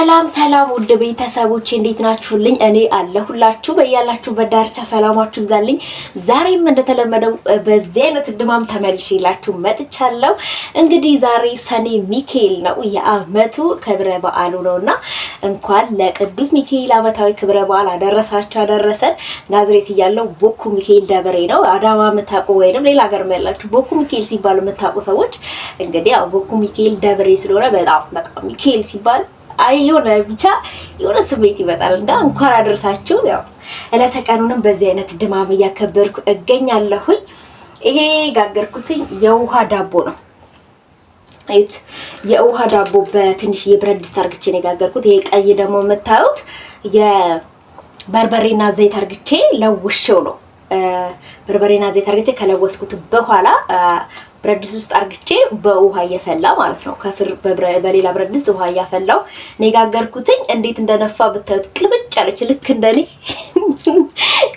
ሰላም ሰላም ውድ ቤተሰቦች እንዴት ናችሁልኝ? እኔ አለሁላችሁ። በያላችሁበት ዳርቻ ሰላማችሁ ይብዛልኝ። ዛሬም እንደተለመደው በዚህ አይነት ድማም ተመልሼላችሁ መጥቻለሁ። እንግዲህ ዛሬ ሰኔ ሚካኤል ነው፣ የአመቱ ክብረ በዓሉ ነውና እንኳን ለቅዱስ ሚካኤል አመታዊ ክብረ በዓል አደረሳችሁ አደረሰን። ናዝሬት እያለው ቦኩ ሚካኤል ደብሬ ነው አዳማ የምታውቁ ወይንም ሌላ ሀገር ያላችሁ ቦኩ ሚካኤል ሲባል የምታውቁ ሰዎች እንግዲህ ያው ቦኩ ሚካኤል ደብሬ ስለሆነ በጣም በቃ ሚካኤል ሲባል አይ የሆነ ብቻ የሆነ ስሜት ይመጣል እና እንኳን አደረሳችሁ። ያው ዕለተ ቀኑንም በዚህ አይነት ድማም እያከበርኩ እገኛለሁኝ። ይሄ ጋገርኩትኝ የውሃ ዳቦ ነው። አይት የውሃ ዳቦ በትንሽ የብረት ድስት አርግቼ ነው የጋገርኩት። ይሄ ቀይ ደግሞ የምታዩት የበርበሬና ዘይት አርግቼ ለውሼው ነው በርበሬና ዘይት አርግቼ ከለወስኩት በኋላ ብረድስ ውስጥ አርግቼ በውሃ እየፈላ ማለት ነው። ከስር በሌላ ብረድስ ውሃ እያፈላው ኔጋገርኩትኝ። እንዴት እንደነፋ ብታዩት፣ ቅልብጭ አለች። ልክ እንደኔ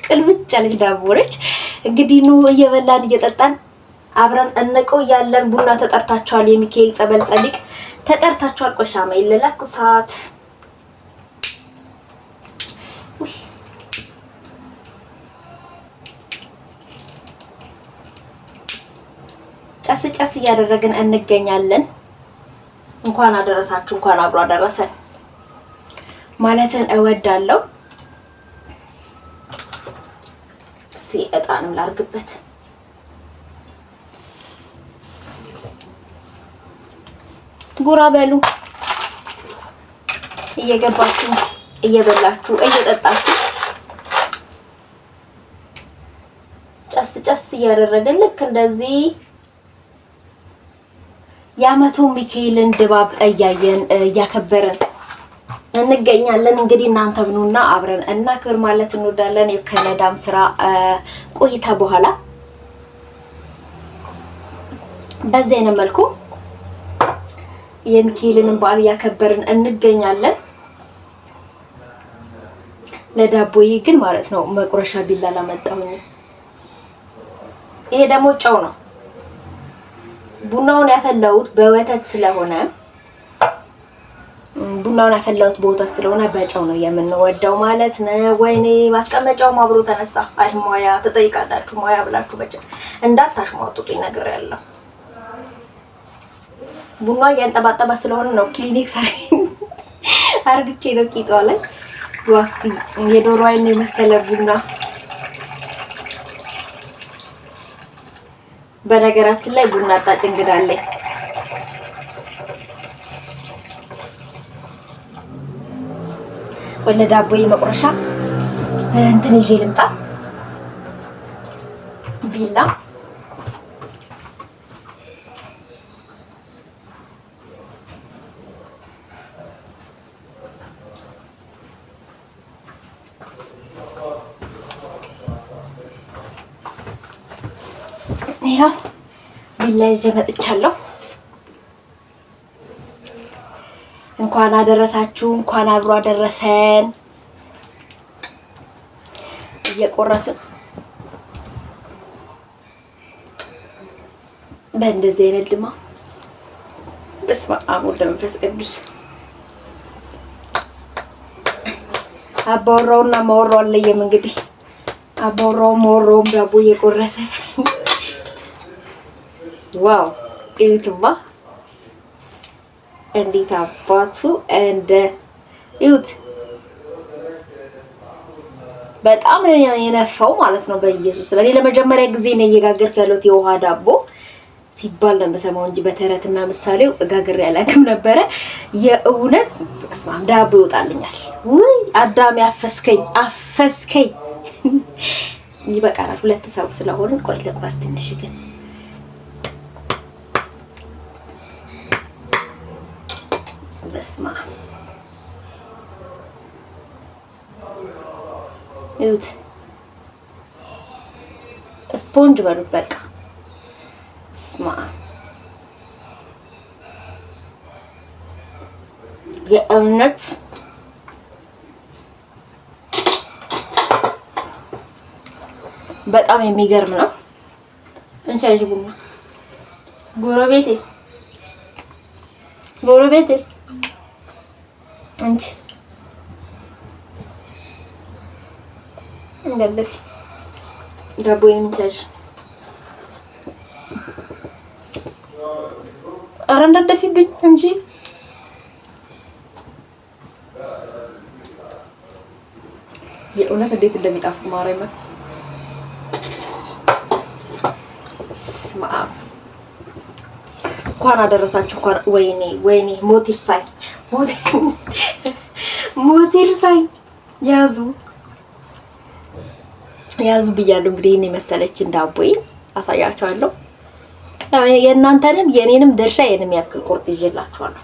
ቅልብጭ አለች ዳቦ እንግዲህ ኑ እየበላን እየጠጣን አብረን እንቀው ያለን። ቡና ተጠርታችኋል። የሚካኤል ጸበል ጸሊቅ ተጠርታችኋል። ቆሻማ የለላኩ ሰዓት ጨስ ጨስ እያደረግን እንገኛለን። እንኳን አደረሳችሁ፣ እንኳን አብሮ አደረሰን ማለትን እወዳለሁ። ሲ እጣንም ላርግበት። ጉራ በሉ እየገባችሁ እየበላችሁ እየጠጣችሁ ጨስ ጨስ እያደረግን ልክ እንደዚህ የአመቱ ሚካኤልን ድባብ እያየን እያከበርን እንገኛለን። እንግዲህ እናንተ ብኑና አብረን እናክብር ማለት እንወዳለን። ከመዳም ስራ ቆይታ በኋላ በዚህ አይነት መልኩ የሚካኤልንን በዓል እያከበርን እንገኛለን። ለዳቦዬ ግን ማለት ነው መቁረሻ ቢላ ላመጣሁኝ። ይሄ ደግሞ ጨው ነው። ቡናውን ያፈላሁት በወተት ስለሆነ ቡናውን ያፈላሁት በወተት ስለሆነ በጨው ነው የምንወደው ማለት ነው። ወይኔ ማስቀመጫውም አብሮ ተነሳ። አይ ሞያ ትጠይቃላችሁ። ሞያ ብላችሁ በጨው በጨ ይነግር ያለው ቡና እያንጠባጠባ ስለሆነ ነው። ክሊኒክ ሳይ አርግቼ ነው ቂጧ ላይ የዶሮ አይን የመሰለ ቡና በነገራችን ላይ ቡና አጣጭ እንግዳ አለኝ። ወለ ዳቦዬ መቁረሻ እንትን ይዤ ልምጣ ቢላ ይኸው ቢላ ይዤ መጥቻለሁ። እንኳን አደረሳችሁ፣ እንኳን አብሮ አደረሰን። እየቆረስን በእንደዚህ አይነት ልማ በስመ አብ ወወልድ ወመንፈስ ቅዱስ አባወራውና ማወራው አለየም። እንግዲህ አባወራው ማወራውም ዳቦ እየቆረሰ ዋው እዩትማ! እንዴት አባቱ እንደ እዩት በጣም የነፋው ማለት ነው። በኢየሱስ እኔ ለመጀመሪያ ጊዜ ነው እየጋገርኩ ያለሁት የውሃ ዳቦ ሲባል ነው የምሰማው እንጂ በተረትና ምሳሌው እጋግሬ አላውቅም ነበረ። የእውነት ስማም ዳቦ ይወጣልኛል። ውይ አዳም አፈስከኝ አፈስከኝ። ይበቃናል። ሁለት ሰው ስለሆንን ቆይ ለቁራስ ትንሽ ግን በስማ ይሁት ስፖንጅ በሉት በቃ ስማ የእምነት በጣም የሚገርም ነው። እንሻጅ ቡና ጎረቤቴ ጎረቤቴ አንቺ እንዳለፊ ዳቦ የምንቻሽ አረ እንዳደፊብኝ እንጂ የእውነት እንዴት እንደሚጣፍጥ ማርያምን ስማ እንኳን አደረሳችሁ። እንኳን ወይኔ ወይኔ ሞት ይርሳኝ። ሞቴል ሳይ ያዙ ያዙ ብያለሁ። እንግዲህ ይህን የመሰለችን ዳቦዬ አሳያቸዋለሁ። የእናንተንም የእኔንም ድርሻ የእኔም ያክል ቁርጥ ይዤላችኋለሁ።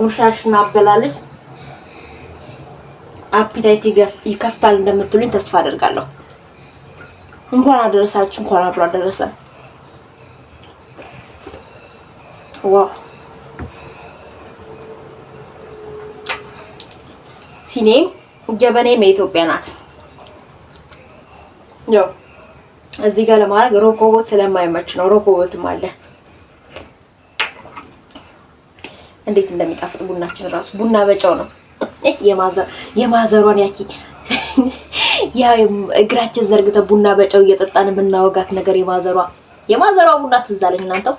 ጉርሻሽን አበላለች አፒታይት ይከፍታል እንደምትሉኝ ተስፋ አደርጋለሁ። እንኳን አደረሳችሁ፣ እንኳን አብሮ አደረሰ። ዋው ሲኔም ጀበኔም የኢትዮጵያ ናት። ያው እዚህ ጋር ለማድረግ ሮኮቦት ስለማይመች ነው። ሮኮቦትም አለ። እንዴት እንደሚጣፍጥ ቡናችን እራሱ ቡና በጨው ነው። የማዘሯን ያቺ ያ እግራችን ዘርግተ ቡና በጨው እየጠጣን የምናወጋት ነገር የማዘሯ የማዘሯ ቡና ትዝ አለኝ። እናንተው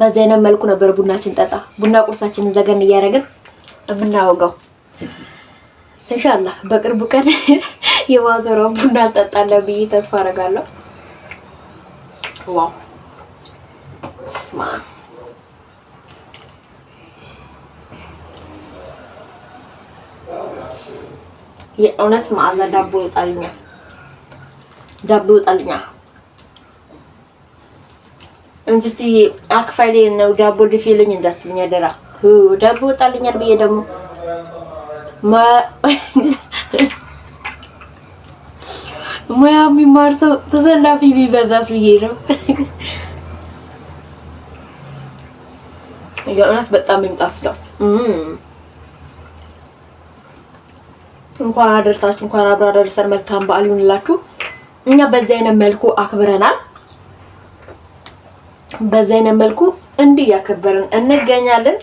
በዚህ አይነት መልኩ ነበር ቡናችን ጠጣ ቡና ቁርሳችንን ዘገን እያደረግን የምናወጋው። ኢንሻአላህ በቅርቡ ቀን የማዘሯ ቡና እንጠጣለን ብዬ ተስፋ አደርጋለሁ። ዋው ስማ የእውነት መዓዛ ዳቦ ይወጣልኛል። ዳቦ ይወጣልኛል እንጂ አክፋይሌ ነው ዳቦ ድፊልኝ እንዳትልኝ አደራ። ዳቦ ይወጣልኛል ብዬ ደግሞ ሙያ የሚማር ሰው ተሰላፊ ቢበዛስ ብዬ ነው። የእውነት በጣም የሚጣፍጠው እንኳን አደረሳችሁ፣ እንኳን አብሮ አደረሰን። መልካም በዓል ይሁንላችሁ። እኛ በዚህ አይነት መልኩ አክብረናል። በዚህ አይነት መልኩ እንዲህ እያከበርን እንገኛለን።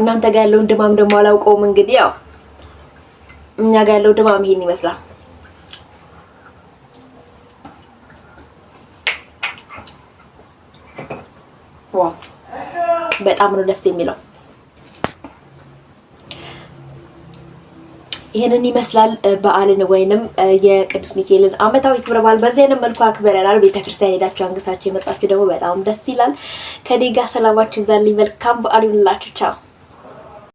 እናንተ ጋር ያለውን ድማም ደግሞ አላውቀውም። እንግዲህ ያው እኛ ጋር ያለው ድማም ይሄን ይመስላል። ዋ በጣም ነው ደስ የሚለው። ይህንን ይመስላል በዓልን ወይንም የቅዱስ ሚካኤልን ዓመታዊ ክብረ በዓል በዚህ መልኩ አክብረናል። ቤተክርስቲያን ሄዳችሁ አንግሳችሁ የመጣችሁ ደግሞ በጣም ደስ ይላል። ከኔ ጋር ሰላማችሁ ይብዛልኝ። መልካም በዓል ይሁንላችሁ። ቻው